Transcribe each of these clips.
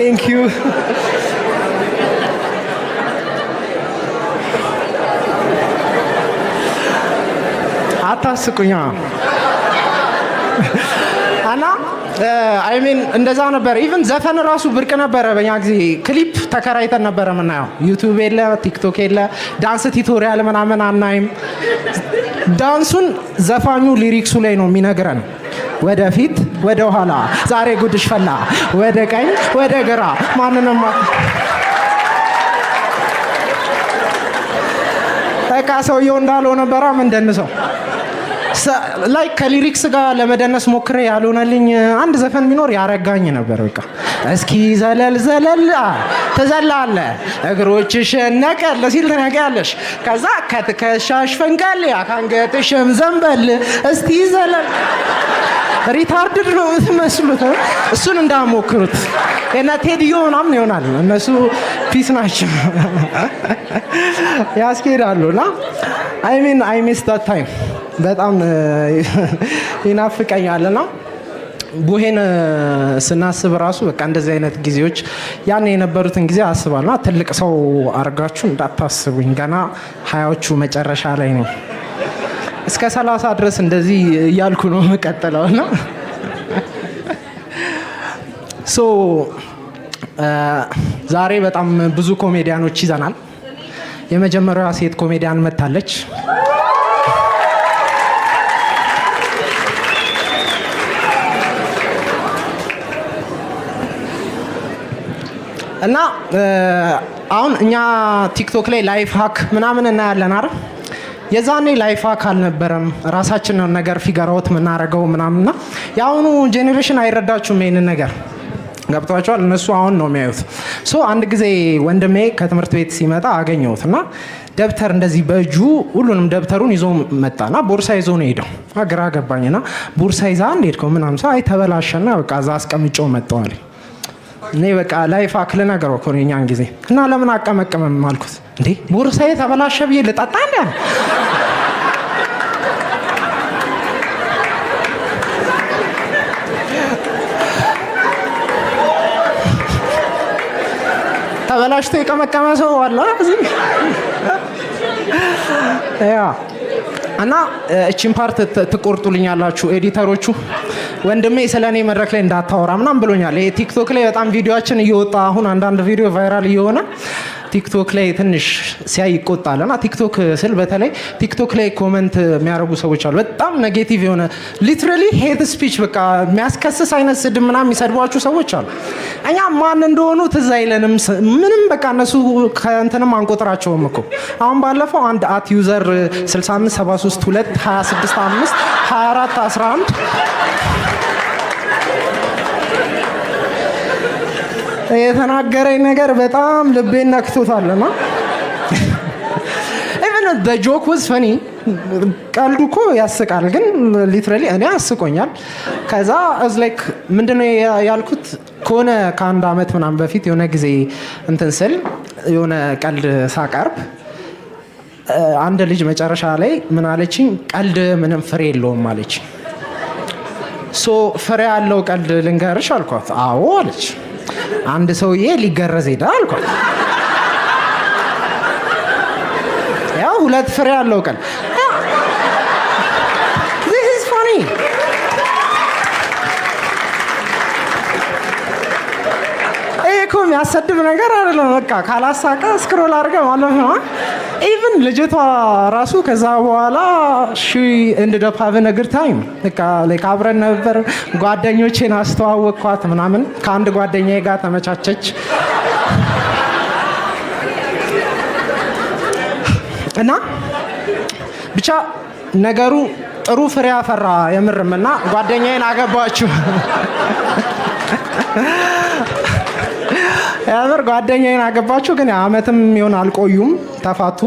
Thank you. አታስቁኛ እና አይሚን እንደዛ ነበር። ኢቨን ዘፈን ራሱ ብርቅ ነበረ በኛ ጊዜ። ክሊፕ ተከራይተን ነበረ የምናየው ዩቱብ የለ፣ ቲክቶክ የለ፣ ዳንስ ቲቶሪያል ምናምን አናይም። ዳንሱን ዘፋኙ ሊሪክሱ ላይ ነው የሚነግረን ወደፊት ወደ ኋላ ዛሬ ጉድሽ ፈላ፣ ወደ ቀኝ ወደ ግራ ማንንም በቃ ሰውየው እንዳልሆነ በራም እንደንሰው ላይ ከሊሪክስ ጋር ለመደነስ ሞክሬ ያልሆነልኝ አንድ ዘፈን ቢኖር ያረጋኝ ነበር። በቃ እስኪ ዘለል ዘለል ትዘላለ እግሮችሽን ነቀል ሲል ትነቂያለሽ። ከዛ ከትከሻሽ ፈንቀል ያካንገጥሽም ዘንበል እስቲ ዘለል ሪታርድድ ነው የምትመስሉት። እሱን እንዳሞክሩት እና ቴዲዮ ምናምን ይሆናል። እነሱ ፒስ ናቸው ያስኬዳሉ። እና አይ ሚን አይ ሚስ ዳት ታይም በጣም ይናፍቀኛል እና ቡሄን ስናስብ ራሱ በቃ እንደዚህ አይነት ጊዜዎች ያን የነበሩትን ጊዜ አስባልና ትልቅ ሰው አድርጋችሁ እንዳታስቡኝ። ገና ሀያዎቹ መጨረሻ ላይ ነው። እስከ ሰላሳ ድረስ እንደዚህ እያልኩ ነው የምቀጥለው ነው ሶ ዛሬ በጣም ብዙ ኮሜዲያኖች ይዘናል። የመጀመሪያዋ ሴት ኮሜዲያን መታለች። እና አሁን እኛ ቲክቶክ ላይ ላይፍ ሀክ ምናምን እናያለን አይደል? የዛኔ ላይፍ ሀክ አልነበረም። ራሳችንን ነገር ፊገራውት ምናረገው ምናምንና የአሁኑ ጄኔሬሽን አይረዳችሁም ይህንን ነገር ገብቷቸዋል። እነሱ አሁን ነው የሚያዩት። ሶ አንድ ጊዜ ወንድሜ ከትምህርት ቤት ሲመጣ አገኘሁት እና ደብተር እንደዚህ በእጁ ሁሉንም ደብተሩን ይዞ መጣና ቦርሳ ይዞ ነው ሄደው። ግራ ገባኝና ቦርሳ ይዛ እንዴት ከው ምናምን ሰው አይ ተበላሸና በቃ እዛ አስቀምጬው መጠዋል እኔ በቃ ላይፍ አክል ነገር እኮ ነው የኛን ጊዜ እና ለምን አቀመቀመም አልኩት። እንዴ ቦርሳዬ ተበላሸ ብዬ ልጠጣ እንደ ተበላሽቶ የቀመቀመ ሰው አለ እና እቺን ፓርት ትቆርጡልኛላችሁ ኤዲተሮቹ። ወንድሜ ስለ እኔ መድረክ ላይ እንዳታወራ ምናምን ብሎኛል። ይሄ ቲክቶክ ላይ በጣም ቪዲዮችን እየወጣ አሁን አንዳንድ ቪዲዮ ቫይራል እየሆነ ቲክቶክ ላይ ትንሽ ሲያይ ይቆጣል እና ቲክቶክ ስል በተለይ ቲክቶክ ላይ ኮመንት የሚያደርጉ ሰዎች አሉ። በጣም ኔጌቲቭ የሆነ ሊትራሊ ሄት ስፒች በቃ የሚያስከስስ አይነት ስድብ ምናምን የሚሰድቧችሁ ሰዎች አሉ። እኛ ማን እንደሆኑ ትዝ አይለንም ምንም በቃ እነሱ ከእንትንም አንቆጥራቸውም እኮ አሁን ባለፈው አንድ አት ዩዘር 65 73 2 24 11 የተናገረኝ ነገር በጣም ልቤን ነክቶታል እና በጆክ ውዝ ፈኒ ቀልዱ እኮ ያስቃል፣ ግን ሊትራሊ እኔ አስቆኛል። ከዛ እዝ ላይክ ምንድነው ያልኩት ከሆነ ከአንድ አመት ምናም በፊት የሆነ ጊዜ እንትን ስል የሆነ ቀልድ ሳቀርብ አንድ ልጅ መጨረሻ ላይ ምን አለችኝ? ቀልድ ምንም ፍሬ የለውም አለች። ሶ ፍሬ ያለው ቀልድ ልንገርሽ አልኳት። አዎ አለች። አንድ ሰውዬ ሊገረዝ ሄዳ አልኳት። ያው ሁለት ፍሬ አለው ቀን እኮ የሚያሰድብ ነገር አይደለም። በቃ ካላሳቀ ስክሮል አድርገ ማለት ነው። ኢቭን ልጅቷ ራሱ ከዛ በኋላ ሺ እንድደፕ ሀቭን እግር ታይም በቃ አብረን ነበር። ጓደኞቼን አስተዋወቅኳት ምናምን። ከአንድ ጓደኛዬ ጋር ተመቻቸች እና ብቻ ነገሩ ጥሩ ፍሬ አፈራ የምርም እና ጓደኛዬን አገባችሁ። የምር ጓደኛዬን አገባችሁ፣ ግን አመትም ይሆን አልቆዩም፣ ተፋቱ።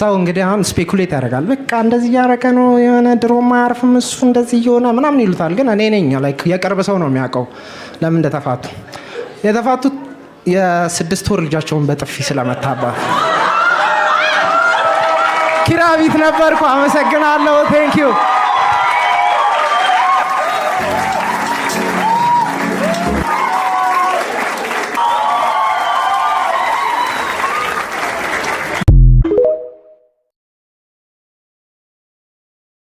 ሰው እንግዲህ አሁን ስፔኩሌት ያደርጋል። በቃ እንደዚህ እያደረገ ነው የሆነ ድሮ ማያርፍም እሱ እንደዚህ እየሆነ ምናምን ይሉታል። ግን እኔ ነኝ ላይክ የቅርብ ሰው ነው የሚያውቀው ለምን እንደተፋቱ። የተፋቱት የስድስት ወር ልጃቸውን በጥፊ ስለመታባት። ኪራቢት ነበርኩ። አመሰግናለሁ። ንኪ።